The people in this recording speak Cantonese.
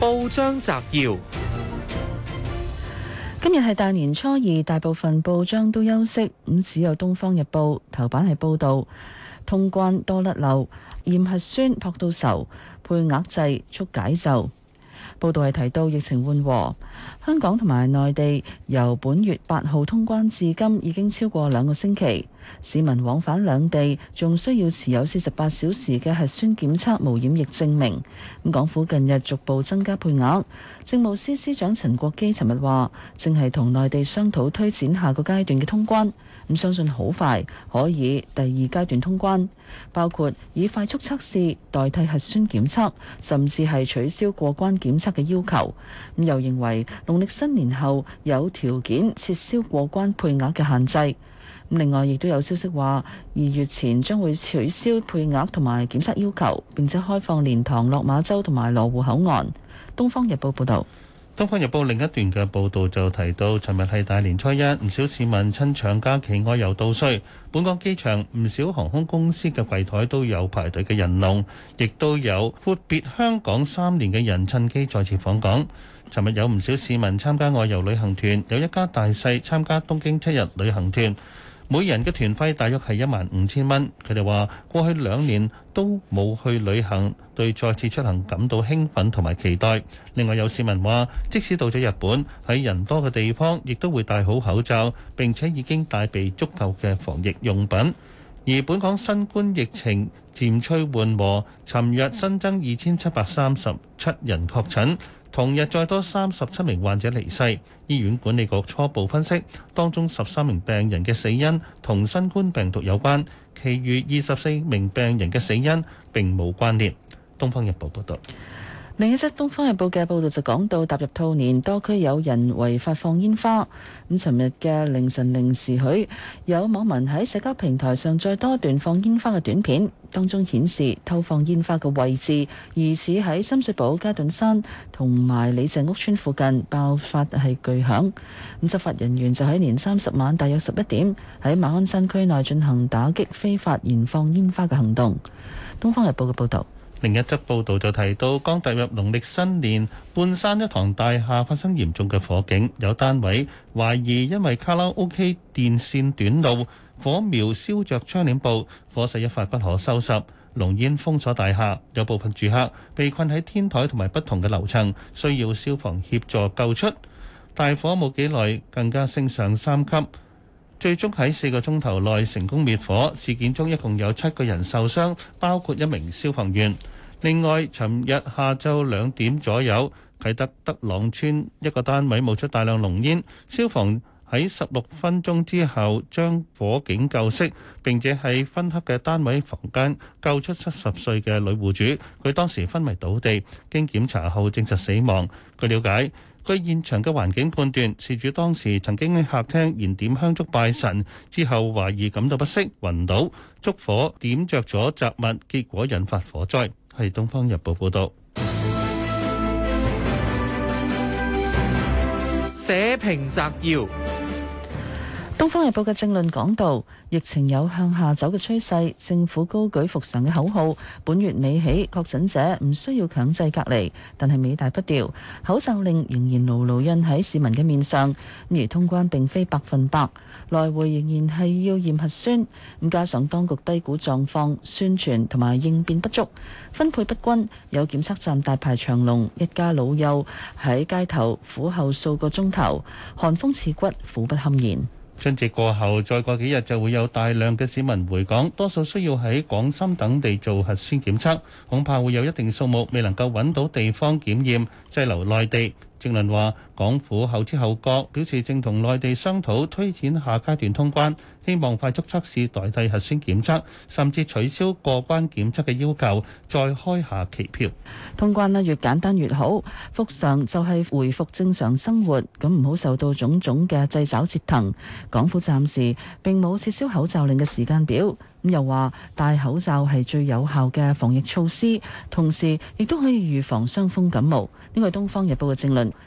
報章摘要：今日係大年初二，大部分報章都休息，咁只有《東方日報》頭版係報道通關多甩漏，驗核酸撲到仇，配額制速解就。報道係提到疫情緩和，香港同埋內地由本月八號通關至今已經超過兩個星期。市民往返兩地仲需要持有四十八小時嘅核酸檢測無染疫證明。港府近日逐步增加配額。政務司司長陳國基尋日話，正係同內地商討推展下個階段嘅通關。咁相信好快可以第二階段通關，包括以快速測試代替核酸檢測，甚至係取消過關檢測嘅要求。又認為農曆新年後有條件撤銷過關配額嘅限制。另外，亦都有消息話，二月前將會取消配額同埋檢測要求，並且開放蓮塘落馬洲同埋羅湖口岸。《東方日報》報導，《東方日報》另一段嘅報導就提到，尋日係大年初一，唔少市民趁長假期外遊渡歲。本港機場唔少航空公司嘅櫃枱都有排隊嘅人龍，亦都有闊別香港三年嘅人趁機再次訪港。尋日有唔少市民參加外遊旅行團，有一家大細參加東京七日旅行團。每人嘅團費大約係一萬五千蚊。佢哋話過去兩年都冇去旅行，對再次出行感到興奮同埋期待。另外有市民話，即使到咗日本，喺人多嘅地方，亦都會戴好口罩，並且已經帶備足夠嘅防疫用品。而本港新冠疫情漸趨緩和，尋日新增二千七百三十七人確診。同日再多三十七名患者離世，醫院管理局初步分析，當中十三名病人嘅死因同新冠病毒有關，其餘二十四名病人嘅死因並冇關聯。東方日報報道。另一則《東方日報》嘅報導就講到，踏入兔年，多區有人違法放煙花。咁尋日嘅凌晨零時許，有網民喺社交平台上載多段放煙花嘅短片，當中顯示偷放煙花嘅位置疑似喺深水埗嘉頓山同埋李鄭屋村附近爆發係巨響。咁執法人員就喺年三十晚大約十一點喺馬鞍山區內進行打擊非法燃放煙花嘅行動。《東方日報》嘅報導。另一則報道就提到，剛踏入農曆新年，半山一堂大廈發生嚴重嘅火警，有單位懷疑因為卡拉 OK 電線短路，火苗燒着窗簾布，火勢一發不可收拾，濃煙封鎖大廈，有部分住客被困喺天台同埋不同嘅樓層，需要消防協助救出。大火冇幾耐更加升上三級。最終喺四個鐘頭內成功滅火，事件中一共有七個人受傷，包括一名消防員。另外，尋日下晝兩點左右，啟德德朗村一個單位冒出大量濃煙，消防喺十六分鐘之後將火警救熄，並且喺昏黑嘅單位房間救出七十歲嘅女戶主，佢當時昏迷倒地，經檢查後證實死亡。據了解。據現場嘅環境判斷，事主當時曾經喺客廳燃點香燭拜神，之後懷疑感到不適、暈倒，燭火點着咗雜物，結果引發火災。係《東方日報》報道。社評摘要。《東方日報》嘅政論講道：疫情有向下走嘅趨勢，政府高舉復常嘅口號。本月尾起，確診者唔需要強制隔離，但係尾大不掉，口罩令仍然牢牢印喺市民嘅面上。而通關並非百分百，來回仍然係要驗核酸。加上當局低估狀況，宣傳同埋應變不足，分配不均，有檢測站大排長龍，一家老幼喺街頭苦候數個鐘頭，寒風刺骨，苦不堪言。春節過後，再過幾日就會有大量嘅市民回港，多數需要喺廣深等地做核酸檢測，恐怕會有一定數目未能夠揾到地方檢驗，滯留內地。正論話，港府後知後覺，表示正同內地商討推展下階段通關，希望快速測試代替核酸檢測，甚至取消過關檢測嘅要求，再開下期票。通關咧越簡單越好，復常就係回復正常生活，咁唔好受到種種嘅掣肘折騰。港府暫時並冇撤銷口罩令嘅時間表。又話戴口罩係最有效嘅防疫措施，同時亦都可以預防傷風感冒。呢個係《東方日報》嘅正論。